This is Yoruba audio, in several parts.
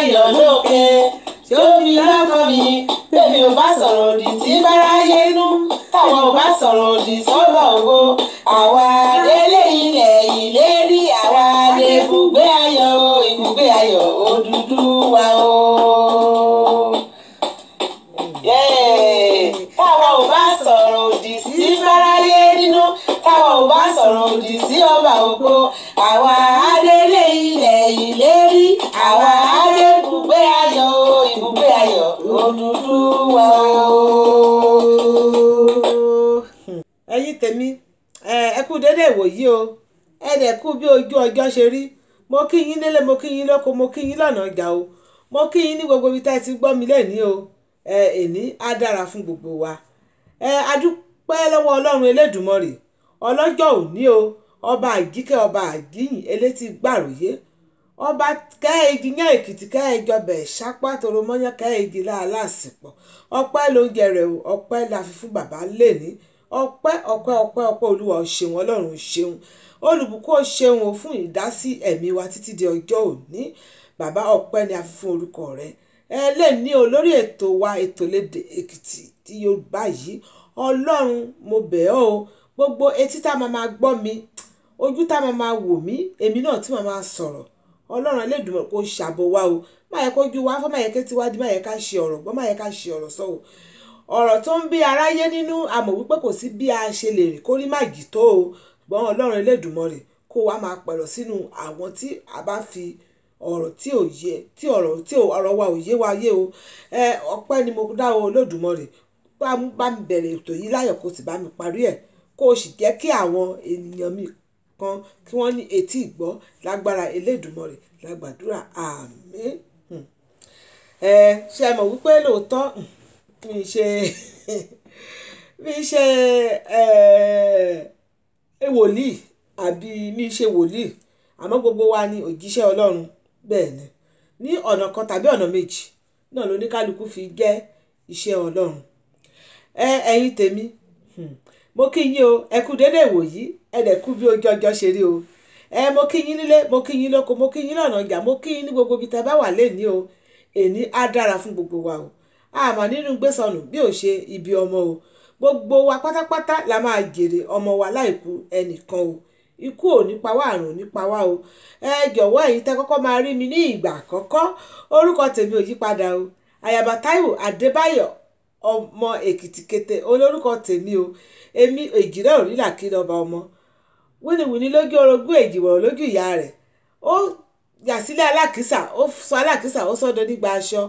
ayọ̀ lókè tí ó fi lọ́kàn mi bẹ́ẹ̀ni ò bá sọ̀rọ̀ òdì tí báráyé nú táwọn ò bá sọ̀rọ̀ òdì sọ́lọ̀ ògo àwa délé ilẹ̀ ìlérí àwa dé ibùgbé ayọ̀ ibùgbé ayọ̀ Odùduwà o. táwa ò bá sọ̀rọ̀ òdì sí báráyé nínú táwa ilẹ̀ ìlérí àwa. Odùduwà hmm. o. ẹ̀yin tèmi ẹ kú dédé ìwòyí o ẹ dẹ̀ kú bí ojú ọjọ́ ṣe rí mo kí yín nílé mo kí yín lóko mo kí yín lọ́nà ọjà o mo kí yín ní gbogbo ibi tá ẹ ti gbọ́ mi lẹ́ni o èní á dára fún gbogbo wa adúpẹ́ lọ́wọ́ ọlọ́run elédùmarè ọlọ́jọ́ òní o ọba àjíkẹ́ ọba àjíyìn elétí gbàròyé ọba kẹ́ẹ̀gì yán èkìtì kẹ́ẹ̀jọba ìṣápá toromọ́yán kẹ́ẹ̀gì láàlásìpọ̀ ọpẹ́ ló ń jẹrẹ o ọpẹ́ la fi fún bàbá lẹ́ni ọpẹ́ ọpẹ́ ọpẹ́ ọpẹ́ olúwa o ṣeun ọlọ́run o ṣeun olùbùkún o ṣeun o fún ìdásí ẹ̀mí wa títí di ọjọ́ òní bàbá ọpẹ́ ni a fi fún orúkọ rẹ ẹlẹ́ni olórí ètò wa ètò lédè èkìtì ti yorùbá yìí ọlọ́run mo bẹ̀ ọ́ o gbogbo etí tá a máa gbọ́ mi ojú tá a máa wò mí èmi náà tí màá máa sọ̀rọ̀ ọlọ́run ẹlẹ́dùnmọ̀ kó ṣàbò wa o má yẹ kó ju wa fọ́ má yẹ ké tiwájú má yẹ ká ṣe ọ̀rọ̀ gbọ́ má yẹ ká ṣe ọ̀rọ̀ sọ o ọ̀rọ̀ tó ń bí aráyé nínú àmọ̀ wípé kò sí bí a ṣe lè rìn kórí má gì tó o gbọ́n ọlọ́run ẹlẹ́dùnmọ̀ rẹ̀ kó wa máa pẹ̀rọ̀ sínú àwọn tí a bá fi ọ̀rọ̀ tí ò yẹ tí ọ̀rọ̀ tí ọ̀rọ̀ wa ò yé wa yé o ẹ ọpẹ́ ni mo dá o lódùmarè bá mi bẹ̀rẹ̀ ètò yìí láyọ̀ kó sì bá mi parí ẹ̀ kó o sì jẹ́ kí àwọn ènìyàn mi kan kí wọ́n ní etí ìgbọ́ lágbára Elédùmarè la gbàdúrà àmín hmm. ẹ ṣe mọ̀ wípé lóòótọ́ hmm, mi ṣe mi ṣe ẹ wòlíì àbí mi ṣe wòlíì àmọ́ gbogbo wa ni òjíṣẹ́ Ọlọ́run bẹ́ẹ̀ ni ní ọ̀nà kan tàbí ọ̀nà méjì náà lóníkálukú fi jẹ́ iṣẹ́ Ọlọ́run ẹ ẹ̀yin tèmi hmm, mo kí yín o ẹ kú dédé ìwòyí ẹ dẹ̀ kú bí ojú ọjọ́ ṣe rí o ẹ mo kí yín nílé mo kí yín lóko mo kí yín lọ́nà ọjà mo kí yín ní gbogbo ibi tẹ́ bá wà lénìí o èní á dára fún gbogbo wa o àmọ́ nínú gbèsànù bí ò ṣe ibi ọmọ o gbogbo wa pátápátá la máa jèrè ọmọ wa láìkú ẹnìkan o ikú ò ní pa wá àrùn ní pa wá o ẹ jọ̀wọ́ ẹ̀yin tẹ́ kọ́kọ́ máa rí mi ní ìgbà àkọ́kọ́ orúkọ tèmi ò yípadà o àyàbá Táíwò Adébáyọ̀ ọmọ èkìtì kété olórúkọ tèmi o èmi èjìrẹ́ òrí làkìrì ọba ọmọ wíniwíni lójú orogún èjìwọ̀rọ̀ lójú ìyá rẹ̀ ó yà sílé alákìsà ó sọ alákìsà ó sọ́dọ̀ nígbà aṣọ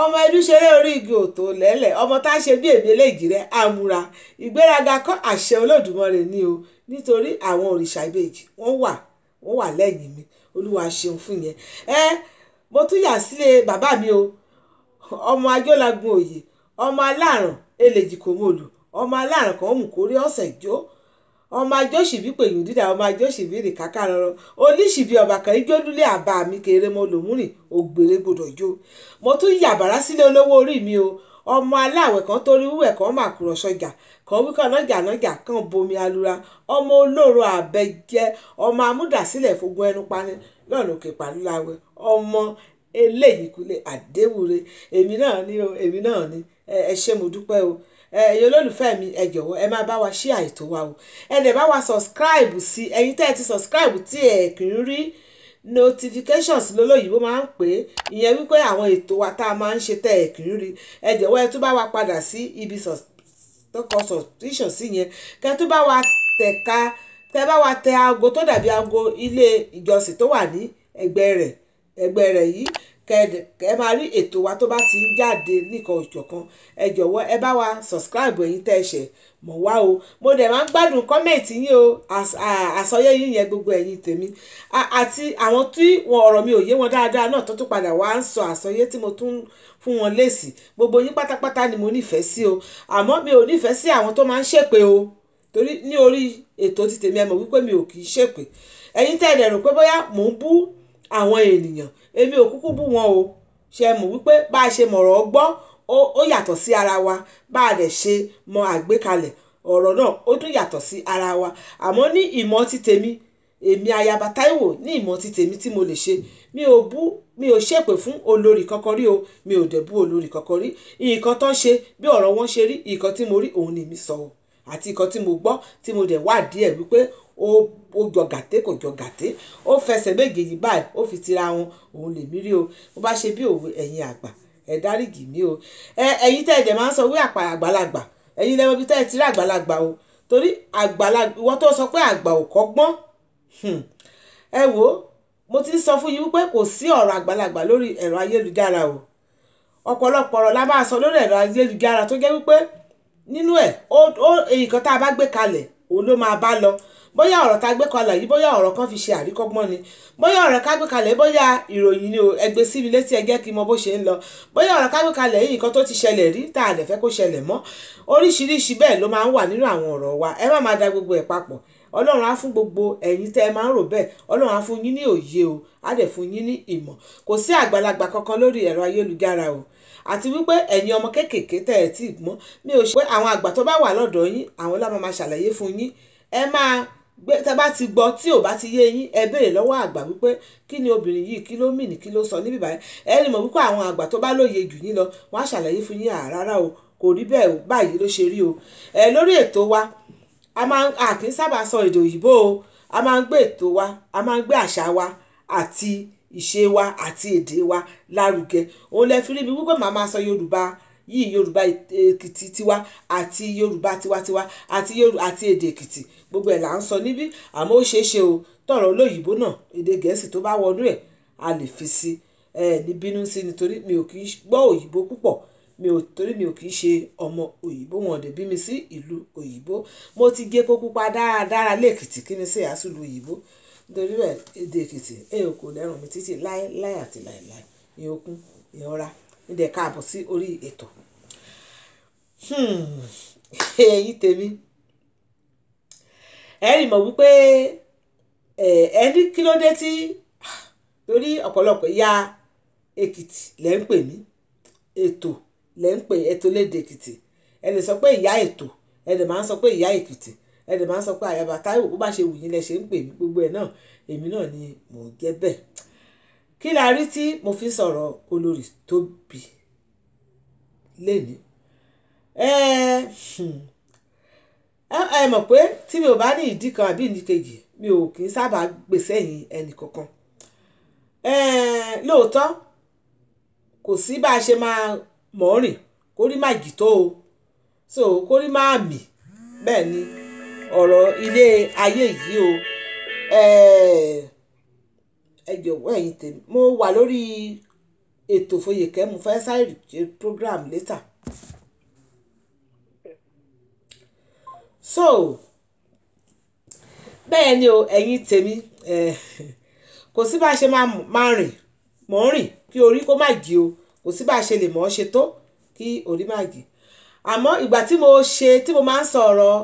ọmọ ẹlúṣeré orí igi òtò lẹ́lẹ̀ ọmọ tá a ṣe bí èmi eléjì rẹ àmúra ìgbéraga kọ́ àṣẹ olódùmarè ni o nítorí àwọn òrìṣà ìbejì wọ́n wà wọ́n wà lẹ́yìn mi olúwa ṣeun fún yẹn ẹ mo tún yà sílé bàbá mi o ọmọ ajọ́lagun òye ọmọ aláàrán eléjì kò mọ̀lù ọmọ aláàrán kan mú kórè ọ̀sẹ̀ jó ọmọ ajóṣìbí pè yùn dídà ọmọ ajóṣìbí rìn káká rọrọ oníṣìbí ọba kan ijódúlé àbá mi kéré mo lòmúrìn ògbèrè gbọdọ̀ jó mo tún yàbàrá sílé olówó orí mi o ọmọ aláwẹ̀ kan torí wúwẹ̀ kan máa kúrọ̀ sọjà kan wíkọ̀ nájà nájà kan bomi alura ọmọ olóró àbẹjẹ ọmọ amúdàsílẹ̀ fogun ẹnu pani lọ́nà òkè pàlúlawẹ ọmọ eléyìí kulẹ̀ àdéwúre èmi náà ni o èmi náà ni ẹ ṣé mo dúpẹ́ o ẹ̀yin olólùfẹ́ mi ẹ jọ̀wọ́ ẹ máa bá wa ṣí àìtó wa o ẹ dẹ̀ bá wa subscribe sí ẹ̀yin tẹ́ ẹ ti subscribe tí ẹ kì í rí notifications lólóyìnbó máa ń pè é ìyẹn wípé àwọn ètò wa tá a máa ń ṣe tẹ́ ẹ kì í rí ẹ jọ̀wọ́ ẹ tún bá wa padà sí ibi tọkọ subscription sí yẹn kẹ́ tún bá wa tẹ̀ka tẹ́ bá wa tẹ aago tó dàbí aago ilé ìjọsìn tó wà ní ẹgbẹ́ rẹ̀ ẹgbẹ́ rẹ̀ yìí kẹ máa rí ètò wa tó bá ti ń jáde nìkan òjọ̀kan ẹ jọ̀wọ́ ẹ bá wa subscribe ẹ̀yin tẹ́ ẹ ṣẹ̀ mọ̀ wá o mo dẹ̀ máa ń gbádùn kọ́mẹ̀ǹtì yín o àsọyé yín yẹn gbogbo ẹ̀yin tèmi àti àwọn tí wọn ọ̀rọ̀ mi ò yé wọn dáadáa náà tó tún padà wá ń sọ àsọyé tí mo tún fún wọn lésì gbogbo yín pátápátá ni mo nífẹ̀ẹ́ sí o àmọ́ mi ò nífẹ̀ẹ́ sí àwọn tó máa ń ṣèpè o torí ní orí ètò ti tèmi ẹ mọ̀ wípé mi ò kì í ṣèpè ẹ̀yin tẹ́ ẹ dẹ̀ rò pé bóyá àwọn ènìyàn èmi ò kúkú bú wọn o ṣe mọ̀ wípé bá a ṣe mọ̀rọ̀ ọgbọ́n ó yàtọ̀ sí ara wa bá a dẹ̀ ṣe mọ àgbékalẹ̀ ọ̀rọ̀ náà ó tún yàtọ̀ sí ara wa àmọ́ ní ìmọ̀ ti tèmi èmi ayaba Táíwò ní ìmọ̀ ti tèmi tí mo lè ṣe mi ò bú mi ò ṣèpè fún olórí kankan rí o mi ò dẹ̀ bú olórí kankan rí nǹkan tó ń ṣe bí ọ̀rọ̀ wọn ṣe rí nǹkan tí mo rí òun ni mi sọ o àti nǹkan tí mo gbọ́ tí mo dẹ̀ wá díẹ̀ wípé ó ó jọ gàté kò jọ gàté ó fẹsẹ̀ méjèèjì báyìí ó fi tira wọn òun lèmi rí o mo bá ṣe bí òwe ẹ̀yin àgbà ẹ dáríjì mí o ẹ ẹ̀yin tẹ́ ẹ dẹ̀ máa ń sọ wí àpà àgbàlagbà ẹ̀yin lẹ́wọ́ bí tẹ́ ẹ ti rí àgbàlagbà o torí àgbàlagbà ìwọ tó sọ pé àgbà ò kọ́gbọ́n hmm. ẹ wò ó mo ti sọ fún yín wípé kò sí ọ̀rọ̀ àgbàlagbà lórí ẹ̀rọ ayélujára o ọ̀pọ̀lọpọ̀ ọ̀rọ̀ la máa sọ lórí ẹ̀rọ ayélujára tó jẹ́ wípé nínú ẹ̀ ó èyí kan tá a bá gbé kalẹ̀ òun ló máa bá lọ bóyá ọ̀rọ̀ tá a gbé kalẹ̀ yìí bóyá ọ̀rọ̀ kan fi ṣe àríkọ́gbọ́n ni bóyá ọ̀rọ̀ ká gbé kalẹ̀ bóyá ìròyìn ni o ẹgbẹ́ sí mi létí ẹgẹ́ kí n mọ bó ṣe ń lọ bóyá ọ̀rọ̀ ká gbé kalẹ̀ yìí nǹkan tó ti ṣẹlẹ̀ rí tá a lè fẹ́ kó ṣẹlẹ̀ mọ́ oríṣiríṣi bẹ́ẹ̀ ló máa ń wà nínú àwọn ọ̀rọ̀ wa ẹ má máa da gbogbo ẹ̀ papọ̀ ọlọ́run á fún gbogbo ẹ̀yin tẹ́ ẹ máa ń rò bẹ́ẹ̀ ọlọ́run á fún yín ní òye o á dẹ̀ fún yín ní ìmọ̀ kò sí àgbàlagbà kankan lórí ẹ̀rọ ayélujára o àti wípé ẹ̀yin ọmọ kéékèèké tẹ́ ẹ tí ì gbọ́n mi ò ṣe pé àwọn àgbà tó bá wà lọ́dọ̀ yín àwọn la máa máa ṣàlàyé fún yín ẹ máa gbé tẹ bá ti gbọ́ tí ò bá ti yé yín ẹ béèrè lọ́wọ́ àgbà wípé kí ni obìnrin yìí kí ló mì ní kí ló sọ níbí báyìí ẹ rí mọ̀ wípé àwọn àgbà tó bá lóye jù yín lọ wọ́n á ṣàlàyé fún yín àrárá o kò rí bẹ́ẹ̀ báyìí ló ṣe rí o ẹ lórí ètò wa a máa a kì í sábà sọ èdè òyìnbó o a máa ń gbé ètò wa a máa ń gbé àṣà wa àti ìṣe wa àti èdè wa lárugẹ òun lẹ fi rí mi wípé màá máa sọ Yorùbá yìí yorùbá èkìtì tiwa àti yorùbá tiwantiwa àti yorùbá àti èdè èkìtì gbogbo ẹ̀ là ń sọ níbí àmọ́ ó ṣeé ṣe o tọ̀rọ̀ olóyìnbó náà èdè gẹ̀ẹ́sì tó bá wọnú ẹ̀ a lè fi sí ẹ ní bínú sí nítorí mi ò kì í gbọ́ òyìnbó púpọ̀ mi ò torí mi ò kì í ṣe ọmọ òyìnbó wọn dẹ̀ bí mi sí ìlú òyìnbó mo ti gé kó pupa dáradára lẹ́kìtì kí ni sí àásùlù òyìnbó nítorí bẹ́ẹ̀ èdè èkìtì ẹ̀ ò kò lẹ́rùn mi títí láéláé àti láéláé ìyókùn ìyọra nídẹ̀ káàbọ̀ sí orí ètò èyí hmm, tèmi ẹ rí mọ̀ wípé ẹ ní kí ló dé tí lórí ọ̀pọ̀lọpọ̀ ìyá èkìtì lẹ́ ń pè mí ètò lẹ́ ń pè ètò léde èkìtì ẹ lè sọ pé ìyá ètò ẹ lè máa ń sọ pé ìyá èkìtì ẹ lè máa ń sọ pé àyàbá táíwò bó bá ṣe wù yín lẹ ṣe ń pè mí gbogbo ẹ náà èmi náà ni mò ń jẹ́ bẹ́ẹ̀ kí la rí tí mo fi sọ̀rọ̀ olórí tóbi lẹ́ni hmm, ẹ mọ̀ pé tí mi ò bá ní ìdí kan àbí ìdí kejì mi ò kì í sábà gbèsè yìn ẹnì kankan lóòótọ́ kò sí bá a ṣe máa mọ̀ ọ́ rìn kó rí má jì tó o so kó rí má mì bẹ́ẹ̀ ni ọ̀rọ̀ ilé ayé yìí o. Eh, ẹ jọ̀wọ́ ẹ̀yin tèmi mo wà lórí ètò Foyeke Mufasai program later so bẹ́ẹ̀ ni o ẹ̀yin tèmi eh, kò sí bá a ṣe máa rìn mọ̀ ń rìn kí orí kó má jì o kò sí bá a ṣe lè mọ̀ ṣe tó kí orí má jì àmọ́ ìgbà tí mo ṣe tí mo máa ń sọ ọ̀rọ̀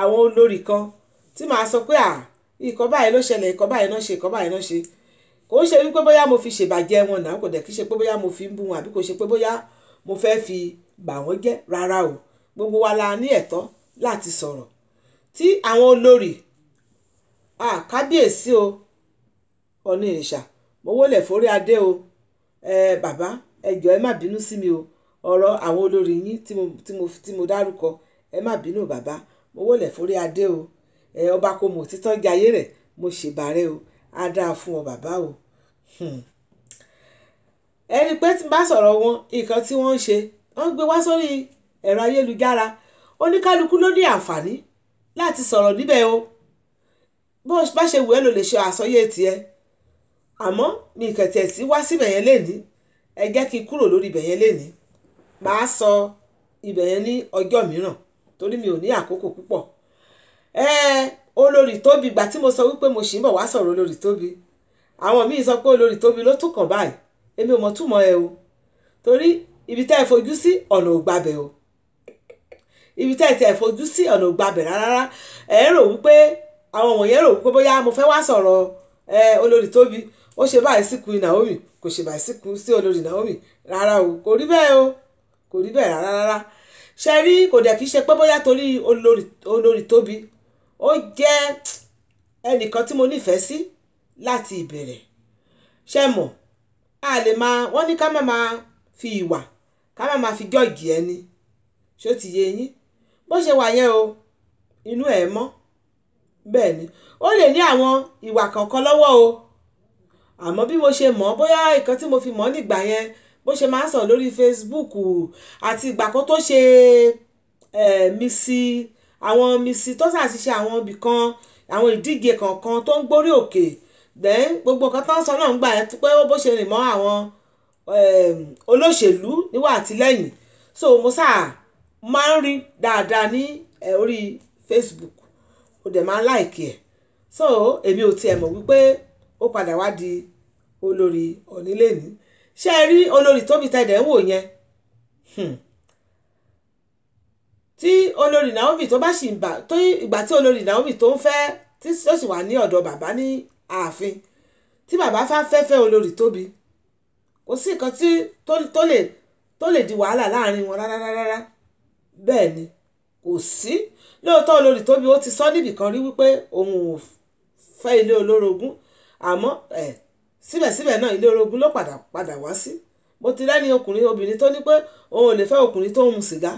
àwọn olórí kan tí màá sọ pé à ìkọ́ báyìí ló ṣẹlẹ̀ ìkọ́ báyìí náà ṣe ìkọ́ báyìí náà ṣe kò ń ṣe wípé bóyá mo fi ṣèbàjẹ́ wọn náà kò dẹ̀ kí ṣe pé bóyá mo fi ń bú wọn àbí kò ṣe pé bóyá mo fẹ́ fi bà wọ́n jẹ́ rárá o gbogbo wa la ní ẹ̀tọ́ láti sọ̀rọ̀ tí àwọn olórí kábíyèsí o ọ̀ní ìrìṣà mo wólẹ̀ forí adé o bàbá ẹ jọ̀ọ́ ẹ má bínú sí mi o ọ̀rọ̀ àwọn olórí yín tí mo dárúkọ ẹ má bínú bàbá mo wólẹ̀ forí adé o ọba kò mọ̀ títọ́ jayé rẹ̀ mo ṣèbàrẹ́ o á dáa fún ọ bàbá o hmm. ẹni pé tí n bá sọ̀rọ̀ wọn nǹkan tí wọ́n ń ṣe wọ́n gbé wá sórí ẹ̀rọ ayélujára oníkálukú ló ní àǹfààní láti sọ̀rọ̀ níbẹ̀ o bó bá ṣe wù ẹ́ ló lè ṣe àsọyé tiẹ̀ àmọ́ mi ìkẹ̀tẹ̀ sí wá síbẹ̀ yẹn lénìí ẹ jẹ́ kí n kúrò lórí ibẹ̀ yẹn lénìí màá sọ ibẹ̀ yẹn ní ọjọ́ mìíràn torí mi ò ní àkókò púpọ̀ ẹ̀ẹ́ olórí tóbi ìgbà tí mo sọ wípé mo ṣì ń bọ̀ wá sọ̀rọ̀ olórí tóbi àwọn míì sọ pé olórí tóbi ló tún kàn báyìí èmi ò mọ̀ túmọ̀ ẹ o torí ibi tẹ́ ẹ fojú sí ọ̀nà ò gbabẹ̀ o ibi tẹ́ ẹ tẹ́ ẹ fojú sí ọ̀nà ò gbabẹ̀ rárá ẹ rò wípé àwọn wọ̀nyẹn rò wípé bóyá mo fẹ́ wá sọ̀rọ̀ ẹ olórí tóbi ó ṣe báyìí sí Naomi kò ṣe báyìí sí sí olórí Naomi rárá o kò rí bẹ́ẹ̀ o kò rí bẹ́ẹ̀ rárá rárá ṣe rí kò dẹ̀ kí ṣe pé bóyá torí olórí tóbi ó jẹ́ ẹnìkan tí mo nífẹ̀ẹ́ sí láti ìbẹ̀rẹ̀ ṣe mọ̀ a lè máa wọ́n ní ká má máa fi ìwà ká má máa fi jọ́ọ̀gì ẹni ṣó ti yé yín bó ṣe wà yẹn o inú ẹ̀ mọ́ bẹ́ẹ̀ ni ó lè ní àwọn ìwà kọ̀ọ̀kan lọ́wọ́ o àmọ́ bí mo ṣe mọ̀ bóyá nǹkan tí mo fi mọ̀ nígbà yẹn bó ṣe máa ń sọ lórí Facebook àti ìgbà kan tó ṣe eh, missy àwọn misi tó ṣàṣìṣe àwọn ibì kan àwọn ìdíje kọ̀ọ̀kan tó ń gbórí òkè then gbogbo nǹkan tó ń sọ náà ń gbà ẹ́ pé ó bó ṣe rìn mọ́ àwọn ehm, olóṣèlú níwà àtìlẹ́yìn so mo sáà máa ń rí dáadáa ní orí Facebook ó dẹ̀ máa ń láìkì ẹ̀ so èmi ò tiẹ̀ mọ̀ wípé ó padà wá di olórí ọ̀nílẹ́ni ṣé ẹ rí olórí tóbi tẹ̀dẹ̀ ń wò yẹn hmm tí olórí Naomi tó bá sì ń bà tó ìgbà tí olórí Naomi tó ń fẹ́ tí ó sì wà ní ọ̀dọ̀ bàbá ní ààfin tí bàbá fá fẹ́fẹ́ olórí tóbi kò sí nǹkan tí tó lè tó lè di wàhálà láàrin wọn rárá rárá bẹ́ẹ̀ ni kò sí lóòótọ́ olórí tóbi ó ti sọ níbìkan rí wípé òun ò fẹ́ ilé olórogún àmọ́ ẹ̀ síbẹ̀síbẹ̀ náà ilé olórogún ló padà padà wá sí mo ti rẹ́ni ọkùnrin obìnrin tó ní pé òun ò lè fẹ́ ọkùnrin tó ń mu sìgá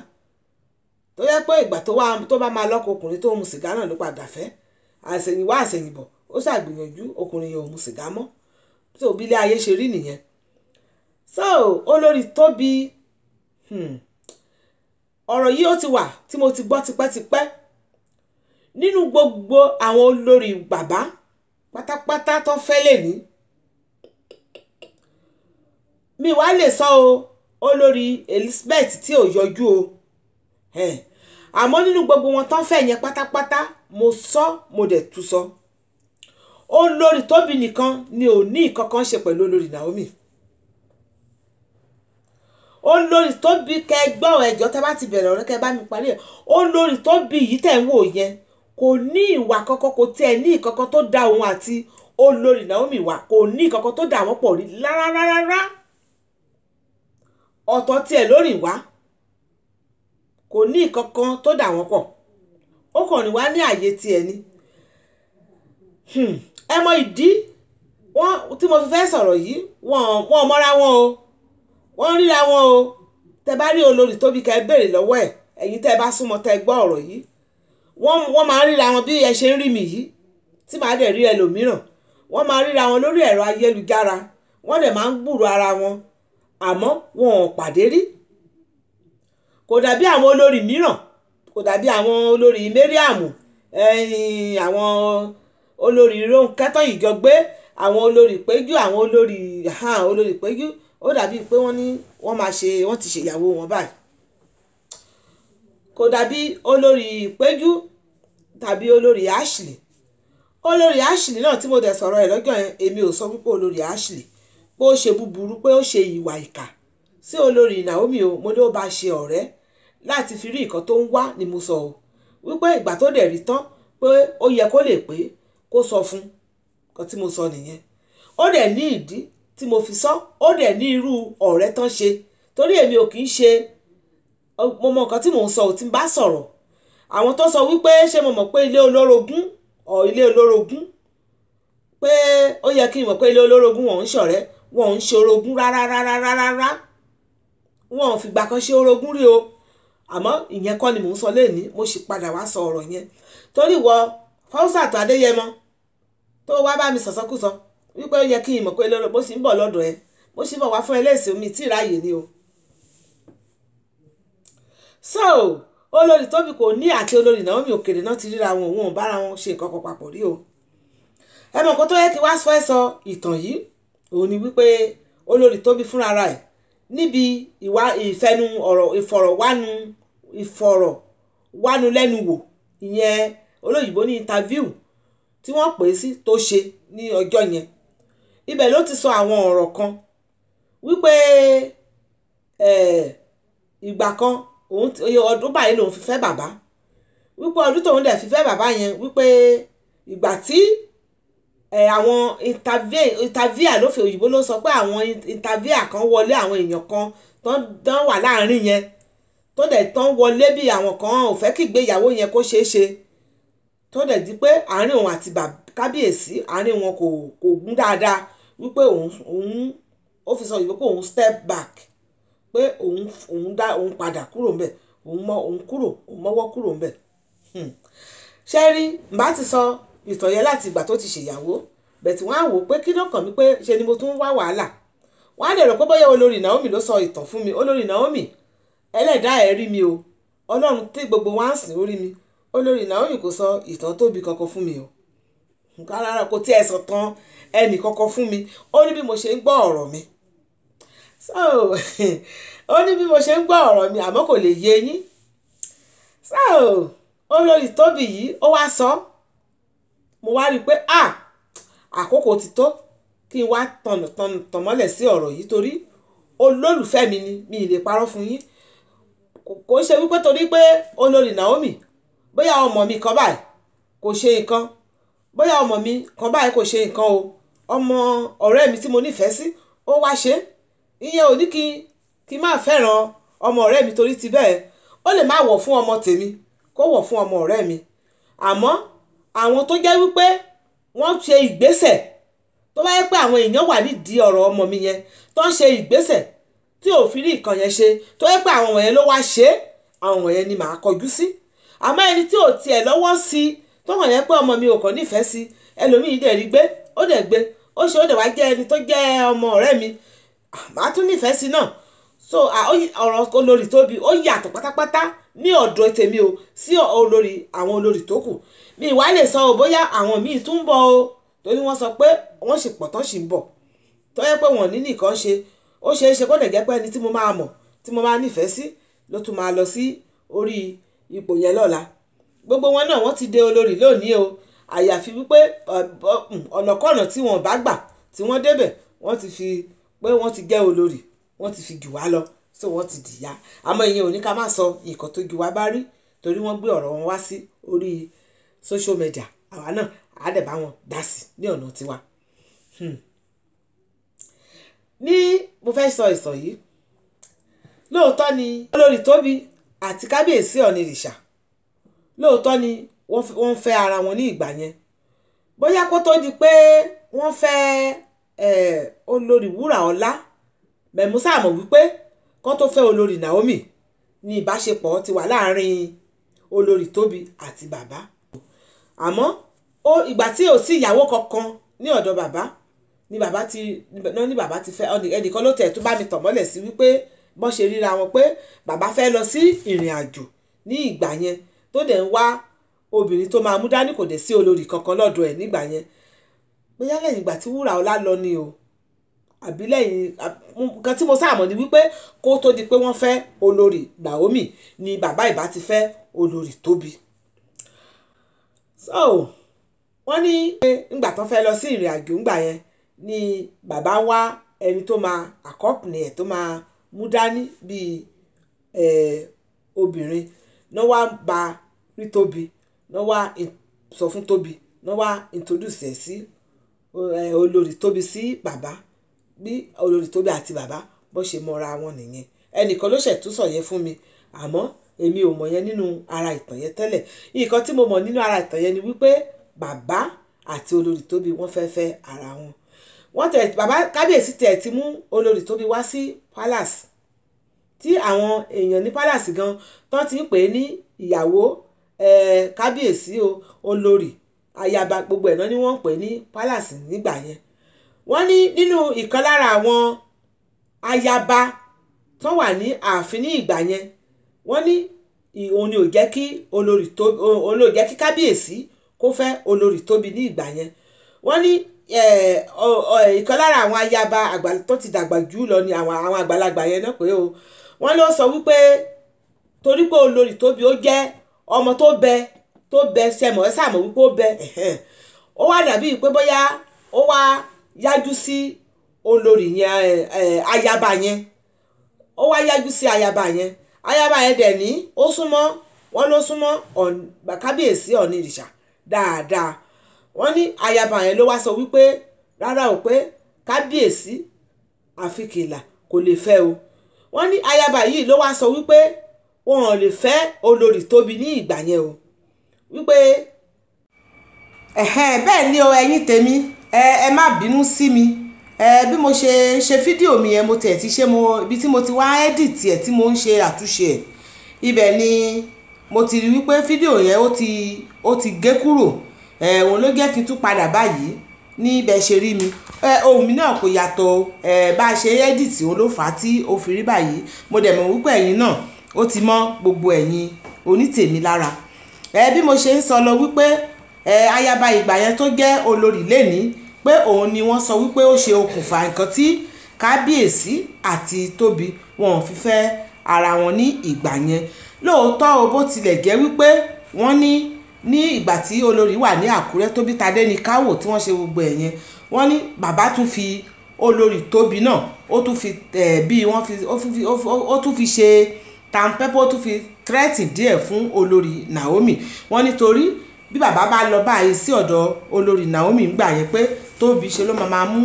tó yẹ pé ìgbà tó bá máa lọ́kọ ọkùnrin tó mu sìgá náà ló padà fẹ́ àṣẹ̀yìnwá àṣẹ̀yìnbọ̀ ó ṣàgbìyànjú ọkùnrin yẹn ò mu sìgá mọ́ tó bí ilé ayé ṣe rí nìyẹn so olórí tóbi hmm, ọ̀rọ̀ yìí ó ti wà tí mo ti gbọ́ tipẹ́tipẹ́ nínú gbogbo àwọn olórí bàbá pátápátá tó fẹ́ lè ní mi wá lè sọ o olórí Elizabeth tí ò yọjú o. Eh àmọ́ nínú gbogbo wọn tán fẹ́ yẹn pátápátá mo sọ mo dẹ̀ tú sọ olórí tóbi nìkan ni ò ní ìkankan ṣe pẹ̀lú olórí Naomi olórí tóbi kẹgbọ́ ẹjọ́ tẹ́ bá ti bẹ̀rẹ̀ ọ̀rẹ́ kẹ́ bá mi parí ẹ̀ olórí tóbi yìí tẹ̀ ń wò yẹn kò ní ìwà kankan kò tiẹ̀ ní ìkankan tó da òun àti olórí Naomi wà kò ní ìkankan tó da àwọn pọ̀ rí rárá rárá ọ̀tọ̀ tiẹ̀ lórí wá kò ní ìkankan tó dà wọ́n pọ̀ ó kàn ní wá ní àyè tiẹ̀ ni hmm. ẹ mọ ìdí tí mo fi fẹ́ sọ̀rọ̀ yìí wọ́n mọ́ra wọn o wọ́n ríra wọn o tẹ bá rí olórí tóbi kẹ́ béèrè lọ́wọ́ ẹ̀ ẹ̀yin tẹ́ bá súnmọ́ tẹ́ gbọ́ ọ̀rọ̀ yìí wọ́n máa ń ríra wọn bí ẹ ṣe ń rí mi yìí tí màá dẹ̀ rí ẹlòmíràn wọ́n máa ríra wọn lórí ẹ̀rọ ayélujára wọ́n dẹ̀ máa ń gbúrò ara wọn àmọ́ wọn ò pàdé rí kò dàbí àwọn olórí mìíràn kò dàbí àwọn olórí mariam àwọn olórí Rónkẹ́ Tóyìnjọ́gbé àwọn olórí péjú àwọn olórí olórí péjú ó dàbí pé wọ́n ní wọ́n máa ṣe wọ́n ti ṣèyàwó wọn báyìí kò dàbí olórí péjú tàbí olórí Ashley olórí Ashley náà tí mo dẹ̀ sọ̀rọ̀ ẹ̀ lọ́jọ́ yẹn èmi ò sọ púpọ̀ olórí Ashley pé ó ṣe búburú pé ó ṣe ìwà ìkà sí olórí Naomi o mo ní ó bá ṣe ọ̀rẹ́ láti fi rí nǹkan tó ń wá ni mo sọ o wípé ìgbà tó dẹ̀ rí tán pé ó yẹ kó lè pé kó sọ fún nǹkan tí mo sọ nìyẹn ó dẹ̀ ní ìdí tí mo fi sọ ó dẹ̀ ní irú ọ̀rẹ́ tán ṣe torí èmi ò kì í ṣe mo mọ nǹkan tí mò ń sọ ò tí ń bá sọ̀rọ̀ àwọn tó sọ wípé ṣé mo mọ̀ pé ilé olórogún ọ̀ ilé olórogún pé ó yẹ kí n mọ̀ pé ilé olórogún wọn ń ṣọ̀rẹ́ wọn ń ṣorogún rárá rárá rárá rárá wọn ò fìgbà kan ṣe orogún rí o àmọ́ ìyẹn kọ́ ni mò ń sọ lẹ́ẹ̀ni mo sì padà wá sọ ọ̀rọ̀ yẹn torí wọ Fawzat Adéyẹmọ tó wá bá mi sọ̀sọ́kùsọ wípé ó yẹ kí n mọ̀ pé lọ́rọ̀ bó ṣe ń bọ̀ lọ́dọ̀ ẹ bó ṣe ń bọ̀ wá fún ẹlẹ́sìn omi tí ìráyè ni o. so olórí tóbi kò ní àti olórí Naomi Òkèrè náà ti ríra wọn òun ò bára wọn ṣe nǹkan kan papọ̀ rí o. ẹ mọ̀ kó tó yẹ kí wá sọ ẹ sọ ìtàn yìí òun ni wípé olórí tóbi fúnra rẹ̀ níbi ìwà ìfẹnu ọ̀rọ̀ ìfọ̀rọ̀wánu ìfọ̀rọ̀wánulẹ́nuwò ìyẹn olóyìnbó ní interview tí wọ́n pè é sí tó ṣe ní ọjọ́ yẹn ibẹ̀ ló ti sọ àwọn ọ̀rọ̀ kan wípé ìgbà kan òun ọdún báyìí lòun fi fẹ́ bàbá wípé ọdún tóun dẹ̀ fi fẹ́ bàbá yẹn wípé ìgbà tí àwọn interview lófin òyìnbó ló sọ pé àwọn interview kan wọlé àwọn èèyàn kan tó ń wà láàrin yẹn tó dẹ̀ tó ń wọlé bí àwọn kan ò fẹ́ kí ìgbéyàwó yẹn kó ṣeé ṣe tó dẹ̀ di pé àárín òun àti kábíyèsí àárín wọn kò kò gún dáadáa wípé òun òun ó fi sọ òyìnbó pé òun step back pé òun òun dá òun padà kúrò ńbẹ̀ òun mọ òun kúrò òun mọ́wọ́ kúrò ńbẹ̀ hmm. ṣé rí mbà ti sọ ìtàn yẹn láti ìgbà tó ti ṣèyàwó bẹ̀tì wọ́n á wò pé kí lọ́kàn mi pé ṣe ni mo tún wá wàhálà wọ́n á lè rò pé bóyá olórí Naomi ló sọ ìtàn fún mi olórí Naomi ẹlẹ́dàá ẹ̀ rí mi o ọlọ́run tí gbogbo wa ń sìn ó rí mi olórí Naomi kò sọ ìtàn tóbi kankan fún mi o nǹkan rárá kò tí ẹ sọ tán ẹnì kankan fún mi ó ní bí mo ṣe ń gbọ́ ọ̀rọ̀ mi so ó ní bí mo ṣe ń gbọ́ ọ̀rọ̀ mi àmọ́ kò lè yé yín so olórí tóbi yìí ó wá sọ ọ́ mo wá rí i pé ah àkókò ti tó kí n wá tọ̀nà tọ̀nà tọ̀mọ́lẹ̀ sí ọ̀rọ̀ yìí torí olólùfẹ́ mi ni mi ì lè parọ́ fún yín kò ṣe wípé torí pé olórí Naomi bóyá ọmọ mi kan báyìí kò ṣe nǹkan bóyá ọmọ mi kan báyìí kò ṣe nǹkan o ọmọ ọ̀rẹ́ mi tí mo nífẹ̀ẹ́ sí ó wá ṣe ìyẹn ò ní kí kí máa fẹ́ràn ọmọ ọ̀rẹ́ mi torí ti bẹ́ẹ̀ ó lè má wọ̀ fún ọmọ tèmi kó wọ̀ fún ọmọ ọ̀rẹ́ mi àmọ́ àwọn tó jẹ́ wípé wọ́n ṣe ìgbésẹ̀ tó bá yẹ pé àwọn èèyàn wà nídìí ọ̀rọ̀ ọmọ mi yẹn tó ń ṣe ìgbésẹ̀ tí ò fi rí yẹn ṣe tó yẹ pé àwọn wọ̀nyẹn ló wá ṣe é àwọn wọ̀nyẹn ni màá kọjú sí àmọ́ ẹni tí ò tiẹ̀ lọ́wọ́ sí i tó hàn yẹn pé ọmọ mi ò kàn nífẹ̀ẹ́ sí ẹlòmíì dẹ̀ rí gbé ó dẹ̀ gbé ó ṣe ó dẹ̀ wá jẹ́ ẹni tó jẹ́ ọmọ ọ̀rẹ́ mi màá tún nífẹ̀ẹ́ sí náà so ọ̀rọ̀ olórí Tóbi ó yàtọ̀ pátápátá ní ọ̀dọ̀ tèmi o sí olórí àwọn olórí tó kù mi ìwà lè sọ bóyá àwọn míì tún ń bọ̀ o torí wọ́n sọ pé wọ́n sì pọ̀ tán sì ń bọ̀ tó yẹ pé wọ́n ní nìkan ṣe ó ṣeé ṣe kó lè jẹ́ pé ẹni tí mo máa mọ̀ tí mo máa nífẹ̀ẹ́ sí ló tún máa lọ sí orí ipò yẹn lọ́la gbogbo wọn náà wọ́n ti dé olórí lónìí o àyàfi wípé ọ̀nàkọ̀nà tí wọ́n bá gbà tí wọ́n débẹ̀ wọ́n ti fi pé wọ́n ti jẹ́ olórí wọ́n ti fi jù wá lọ so wọ́n ti dìyà àmọ́ ìyẹn ò ní ká má sọ nǹkan tó jù wá bá rí torí wọ́n gbé ọ̀rọ̀ wọn wá sí orí social media àwa náà á dẹ̀ bá wọn dá sí ní ọ̀nà tiwa. Hmm. ní mo fẹ́ sọ ìsọ̀ yìí lóòótọ́ ni olórí tóbi àti kábíyèsí ọ̀nìrìṣà lóòótọ́ ni wọ́n fẹ́ ara wọn ní ìgbà yẹn bóyá kó tó di pé wọ́n fẹ́ olórí wúrà ọlá mẹ̀músà mọ̀ wípé kán tó fẹ́ olórí Naomi ní ìbáṣepọ̀ ti wà láàrin olórí Tóbi àti bàbá àmọ́ ó ìgbà tí ò sí ìyàwó kankan ní ọ̀dọ̀ bàbá ni bàbá ti ní bàbá ti fẹ́ ẹnìkan ló tẹ̀ tó bá mi tàn mọ́lẹ̀ sí wípé bọ́n ṣe ríra wọn pé bàbá fẹ́ lọ sí ìrìn àjò ní ìgbà yẹn tó dẹ̀ ń wá obìnrin tó máa mú dání kò dẹ̀ sí olórí kankan lọ́dọ̀ ẹ̀ nígbà yẹn bóyá lẹ́yìn ìgbà tí wúrà ọlá lọ ni o àbí lẹ́yìn nǹkan tí mo sáàmọ̀ ni wípé kó tó di pé wọ́n fẹ́ olórí Naomi ni bàbá ìbá ti fẹ́ olórí Tóbi so wọ́n ní ngbà tán fẹ́ lọ sí ìrìn àjò ngbà yẹn ni bàbá wá ẹni tó máa àkọ́pìnì ẹ̀ tó máa mú dání bíi obìnrin náà wá bá rí Tóbi náà wá sọ fún Tóbi náà wá introduce ẹ̀ sí olórí Tóbi sí bàbá bí olórí tóbi àti bàbá bó ṣe mọra wọn nìyẹn ẹnìkan ló ṣẹ̀tún sọ yẹn fún mi àmọ́ èmi ò mọ̀ yẹn nínú ara ìtàn yẹn tẹ́lẹ̀ nǹkan tí mo mọ̀ nínú ara ìtàn yẹn ni wípé bàbá àti olórí tóbi wọ́n fẹ́ fẹ́ ara wọn wọ́n tẹ̀ bàbá kábíyèsí tẹ̀ ti mú olórí tóbi wá sí palace tí àwọn èèyàn ní palace gan tán ti ń pè é ní ìyàwó kábíyèsí o olórí ayaba gbogbo ẹ̀ náà ni wọ́n ń pè ní palace nígbà yẹn wọ́n ní nínú ìkan lára àwọn ayaba tó wà ní ààfin ní ìgbà yẹn wọ́n ní òun ni ò jẹ́ kí olórí tóbi òun ò jẹ́ kí kábíyèsí kó fẹ́ olórí tóbi ní ìgbà yẹn wọ́n ní ìkan lára àwọn ayaba àgbà tó ti dàgbà jù lọ ni àwọn àgbàlagbà yẹn náà pé o wọ́n ló sọ wípé torí pé olórí tóbi ó jẹ́ ọmọ tó bẹ tó bẹ sẹmọ ẹ sàmọ wípé ó bẹ ó wà dàbí pé bóyá ó wá yájú sí olórí yẹn ayaba yẹn ó wá yájú sí ayaba yẹn ayaba yẹn dẹ̀ ní ó súnmọ́ wọ́n ló súnmọ́ kábíyèsí ọ̀ní ìrìṣà dáadáa wọ́n ní ayaba yẹn ló wá sọ wípé rárá o pé kábíyèsí àfikìlà kò lè fẹ́ o wọ́n ní ayaba yìí ló wá sọ wípé wọn ò lè fẹ́ olórí tóbi ní ìgbà yẹn o wípé bẹ́ẹ̀ ni o ẹ̀yin tèmi ẹ ẹ má bínú sí mi ẹ bí mo ṣe ṣe fídíò mi yẹn mo tẹ̀ ti ṣe mo ibi tí mo ti wá edit ẹ̀ tí mo ń ṣe àtúnṣe ẹ̀ ibẹ̀ ni mo ti rí wípé fídíò yẹn ó ti ó ti gé kúrò ẹ òun ló jẹ́ kí n tún padà báyìí ní ibẹ̀ ṣe rí mi ẹ ohun mi náà kò yàtọ̀ ẹ bá a ṣe edit òun ló fà á tí ó fi rí báyìí mo dẹ̀ mọ̀ wípé ẹ̀yin náà ó ti mọ́ gbogbo ẹ̀yin onítèmi lára ẹ bí mo ṣe ń sọ lọ wípé ayaba ìgbà yẹn tó jẹ́ olórí lẹ́ni pé òun ni wọ́n sọ wípé ó ṣe okùnfà nǹkan tí kábíyèsí àti tóbi wọn ò fi fẹ́ ara wọn ní ìgbà yẹn lóòótọ́ o bó tilẹ̀ jẹ́ wípé wọ́n ní ní ìgbà tí olórí wà ní àkúrẹ́ tóbi tadé ní káwò tí wọ́n ṣe gbogbo ẹ̀ yẹn wọ́n ní bàbá tún fi olórí tóbi náà ó tún fi ẹ̀ bí wọ́n fi ó tún fi ṣe tampẹ́pọ́ ó tún fi tírẹ́tì díẹ̀ fún olórí Naomi wọ́n nítorí bí bàbá bá lọ báyìí sí ọ̀dọ̀ olórí Naomi ń gbà yẹn pé Tóbi ṣe ló máa máa mú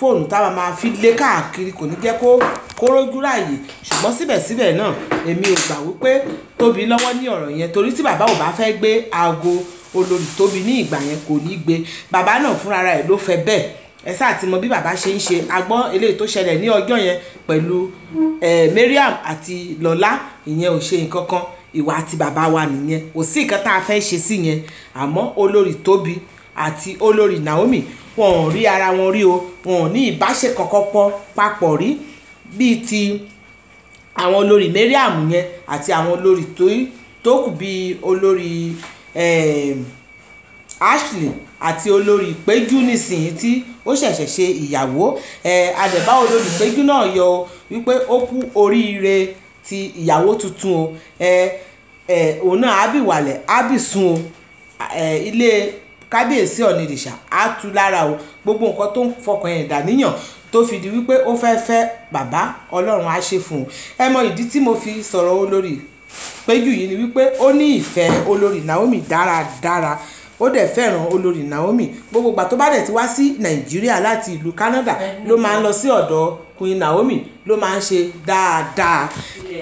fóònù táwa máa fi lé káàkiri kò ní jẹ́ kó kórójú ráàyè ṣùgbọ́n síbẹ̀síbẹ̀ náà èmi ò gbà wípé Tóbi lọ́wọ́ ní ọ̀rọ̀ yẹn torí tí bàbá ò bá fẹ́ gbé aago olórí Tóbi ní ìgbà yẹn kò ní gbé bàbá náà fúnra rẹ̀ ló fẹ́ bẹ́ẹ̀ ẹ sáà ti mọ bí bàbá ṣe ń ṣe agbọ́n eléyìí tó ṣẹlẹ̀ ní ọjọ́ yẹn pẹ̀lú Mariam àti Lọ́lá ìyẹn ò ṣe nǹkan kan ìwà àti bàbá wa nìyẹn kò sí nǹkan tá a fẹ́ ṣe sí yẹn àmọ́ olórí Tóbi àti olórí Naomi wọn ò rí ara wọn rí o wọn ò ní ìbáṣe kankan pọ̀ papọ̀ rí bíi ti àwọn olórí Mariam yẹn àti àwọn olórí tó kù bíi olórí ehm, Ashley àti olórí Péjú nísìnyí tí ó ṣẹ̀ṣẹ̀ ṣe ìyàwó adẹ̀bá olórí Péjú náà yọ wípé ó kú oríire ti ìyàwó tuntun o ẹ ẹ òun náà ábì wàlẹ̀ ábì sun o ẹ ilé kábíyèsí ọ̀nìdìṣà á tu lára o gbogbo nǹkan tó ń fọkàn ẹ̀ dàníyàn tó fi di wípé ó fẹ́ fẹ́ bàbá ọlọ́run á ṣe fún un ẹ mọ ìdí tí mo fi sọ̀rọ̀ olórí péjú yìí ni wípé ó ní ìfẹ́ olórí Naomi dáradára ó dẹ̀ fẹ́ràn olórí Naomi gbogbo ìgbà tó bá dẹ̀ ti wá sí Nàìjíríà láti ìlú Canada ló máa ń lọ sí ọ̀dọ̀ Queen Naomi ló máa ń ṣe dáadáa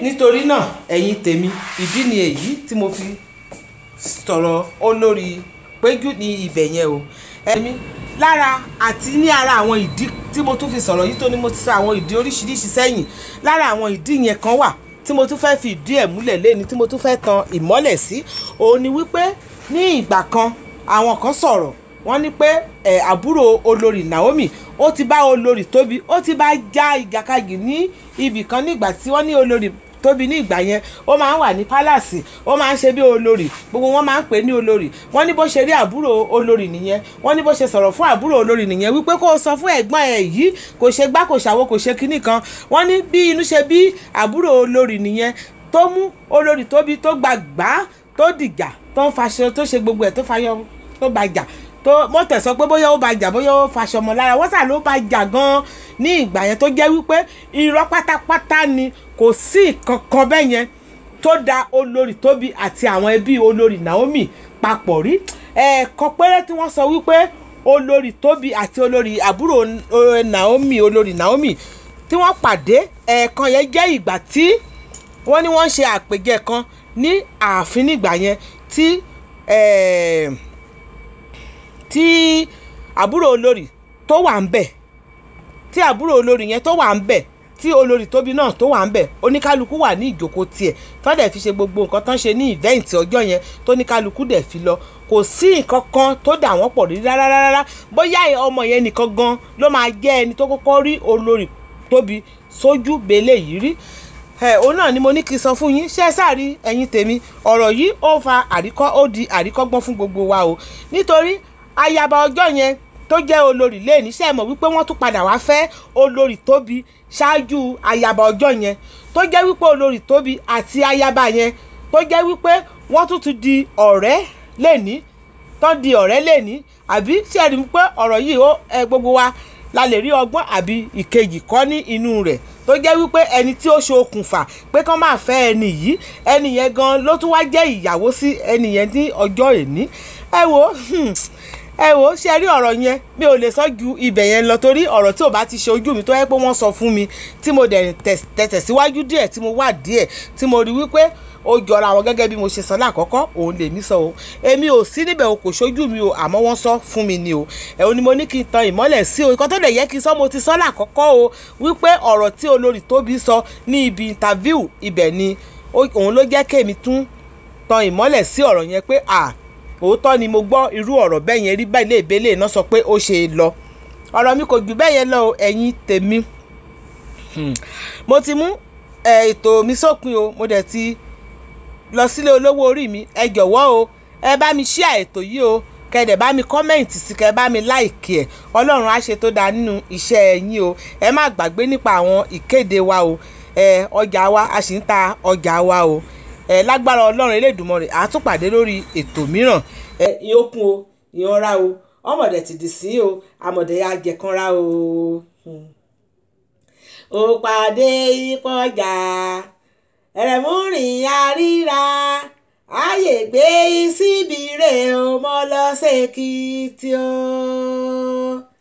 nítorí náà ẹ̀yin tèmi ìdí ni èyí tí mo fi sọ̀rọ̀ olórí péjú ní ibẹ̀ yẹn o ẹ̀mí lára àti ní ara àwọn ìdí tí mo tún fi sọ̀rọ̀ yìí tó ní mo ti sọ àwọn ìdí oríṣiríṣi sẹ́yìn lára àwọn ìdí yẹn kan wà tí mo tún fẹ́ẹ́ fi ìdí ẹ̀ múlẹ̀ lẹ́ni tí mo tún fẹ́ẹ́ tan ìmọ́lẹ̀ sí òun ni wípé ní ìgbà kan àwọn kan sọ̀rọ̀ wọ́n ní pé ẹ̀ àbúrò olórí Naomi ó ti bá olórí Tóbi ó ti bá já ìjàkadì ní ibì kan nígbà tí wọ́n ní olórí tóbi ní ìgbà yẹn ó máa ń wà ní pálàsì ó máa ń ṣe bí olórí gbogbo wọn máa ń pè ní olórí wọn ní bó ṣe rí àbúrò olórí nìyẹn wọn ní bó ṣe sọ̀rọ̀ fún àbúrò olórí nìyẹn wípé kó o sọ fún ẹ̀gbọ́n ẹ̀ yìí kò ṣe gbá kò ṣàwo kò ṣe kinní kan wọn ní bí inú ṣe bí àbúrò olórí nìyẹn tó mú olórí tóbi tó gbàgbá tó dìjà tó ń faṣọ tó ṣe gbogbo ẹ̀ tó fayọ tó gbàjà tó mo sọ pé bóyá ó bá jà bóyá ó faṣọ ọmọ lára wọ́n sà ló bá jà gan-an ní ìgbà yẹn tó jẹ́ wípé irọ́ pátápátá ni kò sí kankan bẹ́ẹ̀ yẹn tó da olórí tóbi àti àwọn ẹbí olórí Naomi papọ̀ rí ẹ̀ẹ̀kan péré tí wọ́n sọ wípé olórí tóbi àti olórí àbúrò eh, Naomi olórí Naomi tí wọ́n pàdé ẹ̀ẹ̀kan yẹn jẹ́ ìgbà tí wọ́n ní wọ́n ń ṣe àpèjẹ kan ní ààfin nígbà yẹn tí ẹ̀ẹ́ eh, tí àbúrò olórí tó wà ń bẹ̀ tí àbúrò olórí yẹn tó wà ń bẹ̀ tí olórí tóbi náà tó wà ń bẹ̀ oníkálukú wà ní ìjókòó tiẹ̀ tán dẹ̀ fi ṣe gbogbo nǹkan tán ṣe ní ìvẹ́ǹtì ọjọ́ yẹn tó níkálukú dẹ̀ fi lọ kò sí nǹkan kan tó dà wọ́n pọ̀ rí rárá bóyá ọmọ yẹn nìkan gan ló máa jẹ́ ẹni tó kọ́kọ́ rí olórí tóbi sójú belé yìí rí ẹ òun náà ni mo ní kí n sọ fún yín ṣé ẹ sáàrí ẹ̀yin tèmi ọ̀rọ̀ yìí ó fa àríkọ́ ó di àríkọ́gbọ́n fún gbogbo wa o nítorí ayaba ọjọ́ yẹn tó jẹ́ olórí lẹ́ẹ̀ni ṣe é mọ̀ wípé wọ́n tún padà wá fẹ́ olórí tóbi ṣáájú ayaba ọjọ́ yẹn tó jẹ́ wípé olórí tóbi àti ayaba yẹn tó jẹ́ wípé wọ́n tún ti di ọ̀rẹ́ lẹ́ẹ̀ni tó di ọ̀rẹ́ lẹ́ẹ̀ni àbí ṣe é rí ọ̀rọ̀ yìí ó ẹ gbogbo wa la lè rí ọgbọ́n àbí ìkejì kọ́ ní inú rẹ̀ tó jẹ́ wípé ẹni tí ó ṣokùnfà pé kán máa fẹ́ ẹni yìí ẹni yẹn gan ló tún wá jẹ́ ìyàwó sí ẹni yẹn ní ọjọ́ èní ẹ wo hmm, ẹ wò ó ṣe rí ọ̀rọ̀ yẹn mi ò lè sọ ju ibẹ̀ yẹn lọ torí ọ̀rọ̀ tí ò bá ti ṣe ojú mi tó yẹ pé wọ́n sọ fún mi tí mo dẹ̀ tẹ̀sẹ̀ síwájú díẹ̀ tí mo wà díẹ̀ tí mo rí wípé ó jọra àwọn gẹ́gẹ́ bí mo ṣe sọ lákọ́kọ́ òun lèmi sọ o èmi ò sí níbẹ̀ o kò ṣojú mi o àmọ́ wọ́n sọ fún mi ni o ẹ̀hún ni mo ní kí n tan ìmọ́lẹ̀ sí o nǹkan tó lè yẹ kí n sọ mo ti sọ lákọ́kọ́ o wípé ọ̀rọ̀ tí olórí Tóbi sọ ní ibi interview ibẹ̀ ni òun ló jẹ́ kémi tún tan ìmọ́lẹ̀ sí ọ̀rọ̀ yẹn pé à òótọ́ ni mo gbọ́ irú ọ̀rọ̀ bẹ́ẹ̀ yẹn rí báyìí léèbélé náà sọ pé ó ṣe é lọ ọ̀rọ̀ mi kò jù bẹ́ẹ̀ yẹn lọ ẹ̀yin tèmi hmm. mo ti mú ètò mi sópin o mo dẹ̀ ti lọ sílé olówó orí mi ẹ jọ̀wọ́ o ẹ bá mi ṣíà ètò yìí o kẹ̀dẹ̀ bá mi kọ́mẹ̀ǹtì sí kẹ́ bá mi láìkì ẹ̀ ọlọ́run á ṣe tó dáa nínú iṣẹ́ yín o ẹ má gbàgbé nípa àwọn ìkéde wa o ẹ ọjà wa a sì ń ta ọjà wa o ẹ lágbára ọlọ́run Elédùmarè àtúpàdé lórí ètò mìíràn. ẹ ìyókùn o ìyọra o ọmọdé ti dì sí o àmọ̀dé ajẹ̀kanra o. ó pàdé ìpọ́jà ẹ̀rẹ̀múrìn àríra ààyè gbé síbi rè o lọ́sẹ̀kì tí ó.